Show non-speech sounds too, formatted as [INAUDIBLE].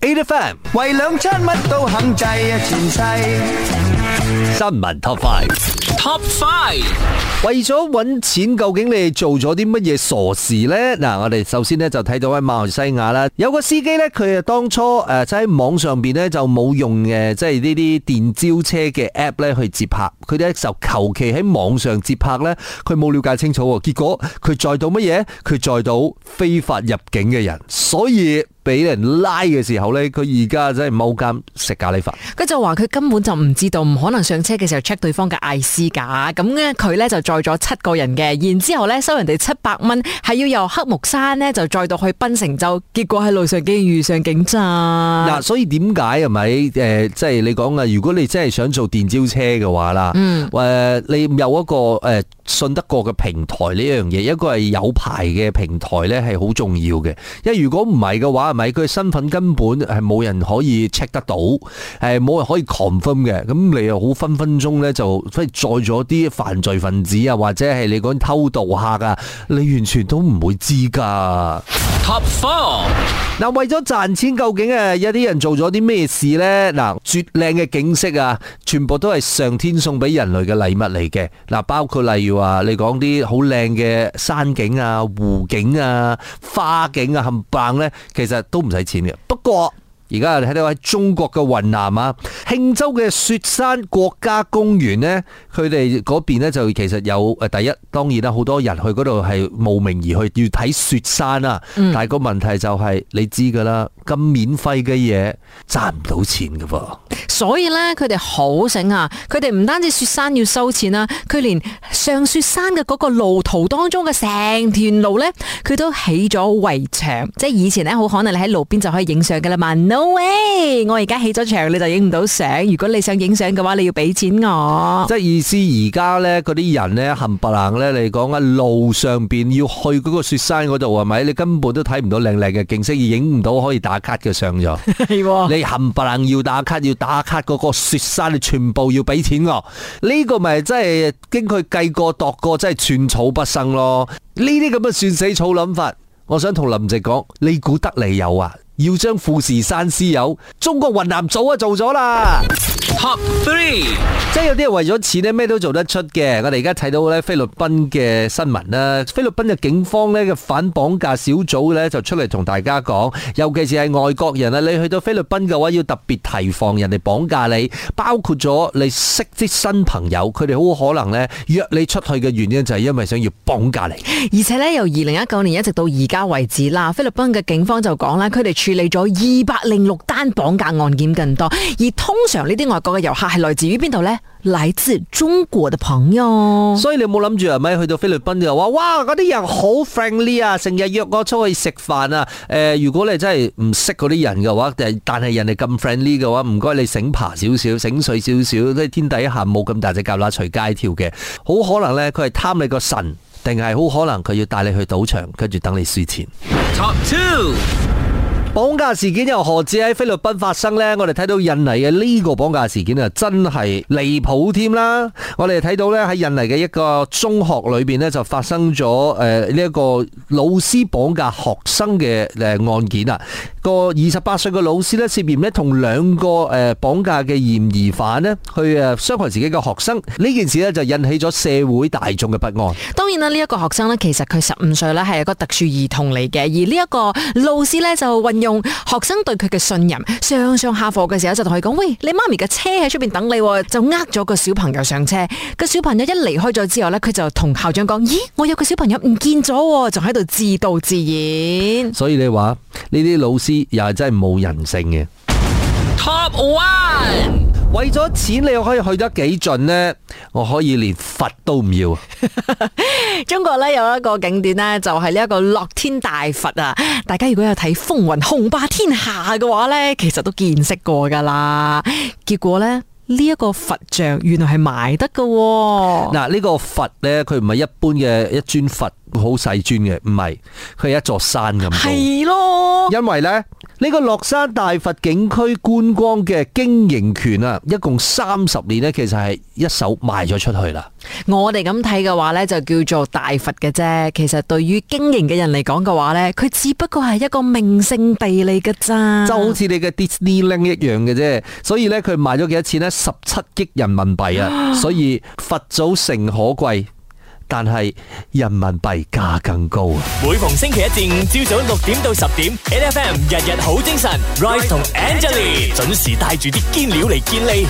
A. F. M. 為兩餐乜都肯制啊！前世新聞 Top Five，Top Five 為咗揾錢，究竟你哋做咗啲乜嘢傻事呢？嗱，我哋首先呢就睇到喺馬來西亞啦，有個司機呢，佢啊當初誒，即係網上邊呢就冇用誒，即係呢啲電召車嘅 App 呢去接客，佢呢就求其喺網上接客呢，佢冇了解清楚，結果佢載到乜嘢？佢載到非法入境嘅人，所以。俾人拉嘅時候呢，佢而家真係踎監食咖喱飯。佢就話佢根本就唔知道，唔可能上車嘅時候 check 對方嘅 IC 架。咁呢，佢呢就載咗七個人嘅，然之後呢收人哋七百蚊，係要由黑木山呢就載到去檳城州。結果喺路上竟然遇上警察。嗱、啊，所以點解係咪？誒，即、呃、係、就是、你講啊，如果你真係想做電召車嘅話啦，誒、嗯呃，你有一個誒信得過嘅平台呢樣嘢，一個係有牌嘅平台呢，係好重要嘅。因為如果唔係嘅話，唔咪佢身份根本係冇人可以 check 得到，誒冇人可以 confirm 嘅。咁你又好分分鐘呢就即係載咗啲犯罪分子啊，或者係你講偷渡客啊,你完全都唔會知噶。嗱，為咗賺錢，究竟啊有啲人做咗啲咩事呢？嗱，絕靚嘅景色啊，全部都係上天送俾人類嘅禮物嚟嘅。嗱，包括例如話你講啲好靚嘅山景啊、湖景啊、花景啊，冚唪唥呢，其實都唔使錢嘅。不過，而家睇到喺中國嘅雲南啊，慶州嘅雪山國家公園咧，佢哋嗰邊咧就其實有誒第一當然啦，好多人去度係慕名而去，要睇雪山啊。嗯、但係個問題就係、是、你知噶啦，咁免費嘅嘢，賺唔到錢噶噃。所以咧，佢哋好醒啊！佢哋唔單止雪山要收錢啊，佢連上雪山嘅個路途當中嘅成段路咧，佢都起咗圍牆，即係以前咧好可能你喺路邊就可以影相噶啦嘛。喂，我而家起咗場，你就影唔到相。如果你想影相嘅話，你要俾錢我。即係意思，而家呢嗰啲人呢，冚唪唥呢，你講啊，路上邊要去嗰個雪山嗰度係咪？你根本都睇唔到靚靚嘅景色，影唔到可以打卡嘅相咗。 [LAUGHS] 啊、你冚唪唥要打卡，要打卡嗰個雪山，你全部要俾錢我。呢、這個咪真係經佢計過度過，真係寸草不生咯。呢啲咁嘅算死草諗法，我想同林夕講，你估得你有啊。要將富士山私有，中國雲南早啊，做咗啦。Top three，即係有啲人為咗錢呢咩都做得出嘅。我哋而家睇到咧菲律賓嘅新聞啦，菲律賓嘅警方呢嘅反綁架小組呢就出嚟同大家講，尤其是係外國人啊，你去到菲律賓嘅話要特別提防人哋綁架你，包括咗你識啲新朋友，佢哋好可能呢約你出去嘅原因就係因為想要綁架你。而且呢由二零一九年一直到而家為止啦，菲律賓嘅警方就講啦，佢哋全處理咗二百零六單綁架案件更多，而通常呢啲外國嘅遊客係來自於邊度呢？嚟自中國嘅朋友。所以你冇諗住係咪去到菲律賓就話哇，嗰啲人好 friendly 啊，成日約我出去食飯啊？誒、呃，如果你真係唔識嗰啲人嘅話，但係人哋咁 friendly 嘅話，唔該你醒爬少少，醒水少少，即係天底下冇咁大隻蛤乸隨街跳嘅，好可能呢，佢係貪你個神，定係好可能佢要帶你去賭場，跟住等你輸錢。Top two。綁架事件又何止喺菲律賓發生呢？我哋睇到印尼嘅呢個綁架事件啊，真係離譜添啦！我哋睇到呢，喺印尼嘅一個中學裏邊呢，就發生咗誒呢一個老師綁架學生嘅誒案件啊！個二十八歲嘅老師呢，涉嫌呢同兩個誒綁架嘅嫌疑犯呢去誒傷害自己嘅學生。呢件事呢，就引起咗社會大眾嘅不安。當然啦，呢一個學生呢，其實佢十五歲啦，係一個特殊兒童嚟嘅，而呢一個老師呢，就問用學生對佢嘅信任，上上下課嘅時候就同佢講：喂，你媽咪嘅車喺出邊等你，就呃咗個小朋友上車。個小朋友一離開咗之後呢，佢就同校長講：咦，我有個小朋友唔見咗，仲喺度自導自演。所以你話呢啲老師又係真係冇人性嘅。Top One。為咗錢，你可以去得幾盡呢？我可以連佛都唔要。 [LAUGHS] 中國呢有一個景點呢就係呢一個樂天大佛啊！大家如果有睇《風雲雄霸天下》嘅話呢其實都見識過噶啦。結果呢，呢、這、一個佛像原來係埋得噶。嗱，呢個佛呢，佢唔係一般嘅一尊佛，好細尊嘅，唔係，佢係一座山咁高。係咯。因為呢呢個樂山大佛景區觀光嘅經營權啊，一共三十年呢，其實係一手賣咗出去啦。我哋咁睇嘅話呢就叫做大佛嘅啫。其實對於經營嘅人嚟講嘅話呢，佢只不過係一個名勝地嚟嘅咋，就好似你嘅 Disneyland 一樣嘅啫。所以呢，佢賣咗幾多錢呢？十七億人民幣啊！所以佛祖誠可貴。啊但係人民幣價更高，每逢星期一至五朝早六點到十點，N F M 日日好精神，Rise 同 Angelina 準時帶住啲堅料嚟健利。